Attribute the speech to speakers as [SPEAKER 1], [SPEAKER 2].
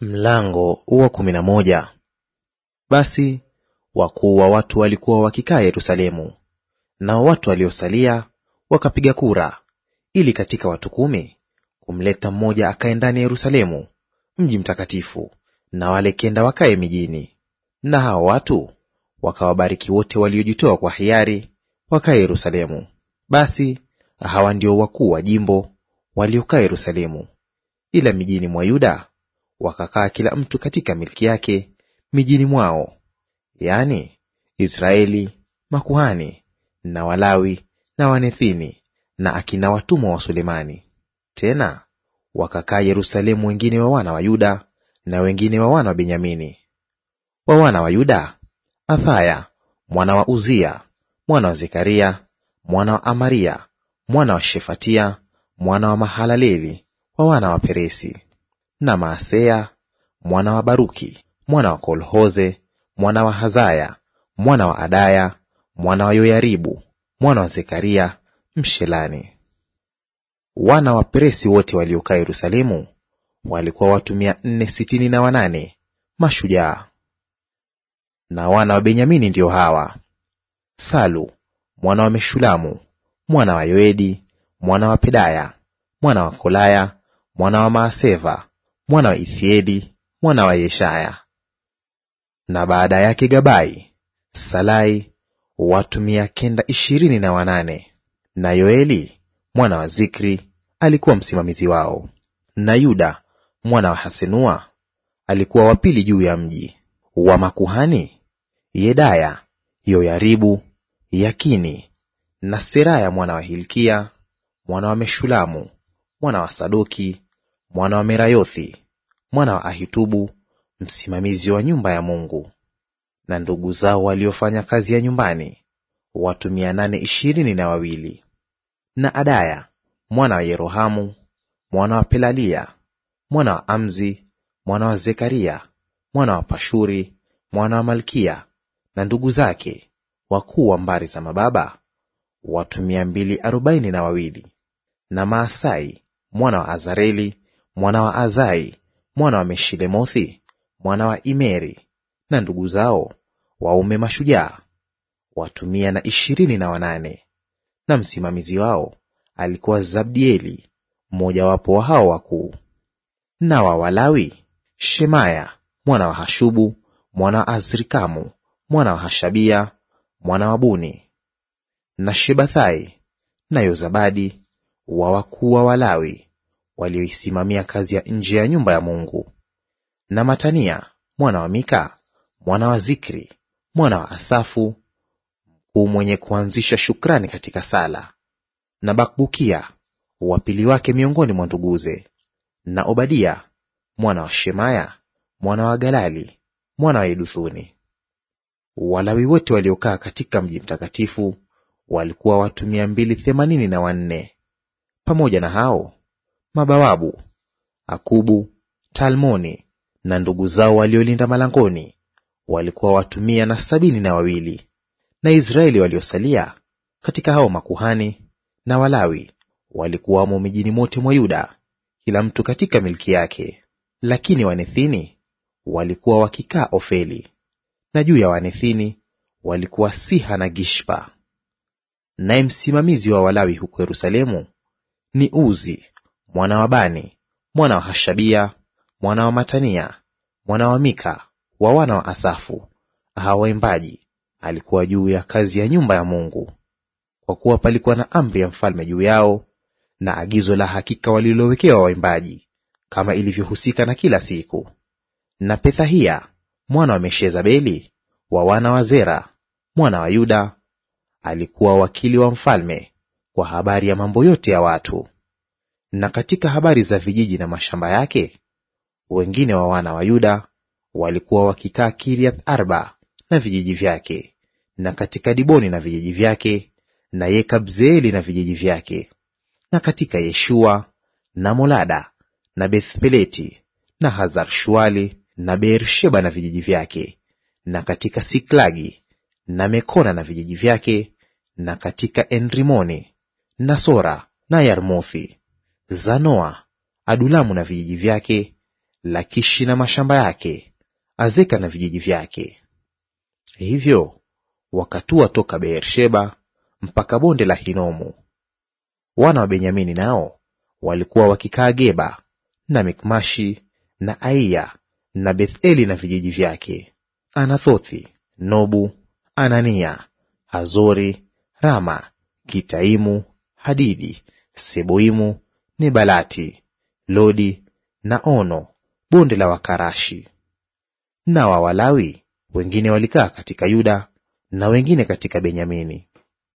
[SPEAKER 1] Mlango wa kumi na moja. Basi wakuu wa watu walikuwa wakikaa Yerusalemu, nao watu waliosalia wakapiga kura, ili katika watu kumi kumleta mmoja akae ndani ya Yerusalemu, mji mtakatifu, na wale kenda wakae mijini. Na hao watu wakawabariki wote waliojitoa kwa hiari wakae Yerusalemu. Basi hawa ndio wakuu wa jimbo waliokaa Yerusalemu. Ila mijini mwa Yuda wakakaa kila mtu katika milki yake mijini mwao, yaani Israeli, makuhani na Walawi na Wanethini na akina watumwa wa Sulemani. Tena wakakaa Yerusalemu wengine wa wana wa Yuda na wengine wa wana wa Benyamini. Wa wana wa Yuda, Athaya mwana wa Uzia mwana wa Zekaria mwana wa Amaria mwana wa Shefatia mwana wa Mahalaleli wa wana wa Peresi na Maasea mwana wa Baruki mwana wa Kolhoze mwana wa Hazaya mwana wa Adaya mwana wa Yoyaribu mwana wa Zekaria Mshelani. Wana wa Peresi wote waliokaa Yerusalemu walikuwa watu mia nne sitini na wanane mashujaa. Na wana wa Benyamini ndio hawa: Salu mwana wa Meshulamu mwana wa Yoedi mwana wa Pedaya mwana wa Kolaya mwana wa Maaseva mwana wa Ithieli mwana wa Yeshaya. Na baada yake Gabai, Salai, watu mia kenda ishirini na wanane, na Yoeli mwana wa Zikri alikuwa msimamizi wao, na Yuda mwana wa Hasenua alikuwa wa pili juu ya mji. Wa makuhani Yedaya, Yoyaribu, Yakini na Seraya mwana wa Hilkia mwana wa Meshulamu mwana wa Sadoki mwana wa Merayothi, mwana wa Ahitubu, msimamizi wa nyumba ya Mungu, na ndugu zao waliofanya kazi ya nyumbani, watu mia nane ishirini na wawili. Na Adaya mwana wa Yerohamu, mwana wa Pelalia, mwana wa Amzi, mwana wa Zekaria, mwana wa Pashuri, mwana wa Malkia, na ndugu zake wakuu wa mbari za mababa, watu mia mbili arobaini na wawili. Na Maasai mwana wa Azareli, mwana wa Azai mwana wa Meshilemothi mwana wa Imeri na ndugu zao waume mashujaa watu mia na ishirini na wanane. Na msimamizi wao alikuwa Zabdieli mmojawapo wa hao wakuu. Na wa Walawi Shemaya mwana wa Hashubu mwana wa Azrikamu mwana wa Hashabia mwana wa Buni na Shebathai na Yozabadi wa wakuu wa Walawi walioisimamia kazi ya nje ya nyumba ya Mungu, na Matania mwana wa Mika mwana wa Zikri mwana wa Asafu mkuu mwenye kuanzisha shukrani katika sala, na Bakbukia wapili wake miongoni mwa nduguze, na Obadia mwana wa Shemaya mwana wa Galali mwana wa Yeduthuni. Walawi wote waliokaa katika mji mtakatifu walikuwa watu mia mbili themanini na wanne. Pamoja na hao mabawabu, Akubu, Talmoni na ndugu zao waliolinda malangoni walikuwa watu mia na sabini na wawili. Na Israeli waliosalia katika hao makuhani na Walawi walikuwamo mijini mote mwa Yuda, kila mtu katika milki yake. Lakini Wanethini walikuwa wakikaa Ofeli, na juu ya Wanethini walikuwa Siha na Gishpa. Naye msimamizi wa Walawi huko Yerusalemu ni Uzi mwana wa Bani, mwana wa Hashabia, mwana wa Matania, mwana wa Mika, wa wana wa Asafu, hawa waimbaji, alikuwa juu ya kazi ya nyumba ya Mungu. Kwa kuwa palikuwa na amri ya mfalme juu yao na agizo la hakika walilowekewa waimbaji, kama ilivyohusika na kila siku. Na Pethahia mwana wa Meshezabeli wa wana wa Zera mwana wa Yuda alikuwa wakili wa mfalme kwa habari ya mambo yote ya watu. Na katika habari za vijiji na mashamba yake, wengine wa wana wa Yuda walikuwa wakikaa Kiriath Arba na vijiji vyake, na katika Diboni na vijiji vyake, na Yekabzeeli na vijiji vyake, na katika Yeshua na Molada na Bethpeleti na Hazar Shuali na Beersheba na vijiji vyake, na katika Siklagi na Mekona na vijiji vyake, na katika Enrimoni na Sora na Yarmuthi Zanoa, Adulamu na vijiji vyake, Lakishi na mashamba yake, Azeka na vijiji vyake. Hivyo wakatua toka Beersheba mpaka bonde la Hinomu. Wana wa Benyamini nao walikuwa wakikaa Geba na Mikmashi na Aiya na Betheli na vijiji vyake, Anathothi, Nobu, Anania, Hazori, Rama, Kitaimu, Hadidi, Seboimu Nebalati, Lodi na Ono, bonde la Wakarashi. Na wa Walawi wengine walikaa katika Yuda na wengine katika Benyamini.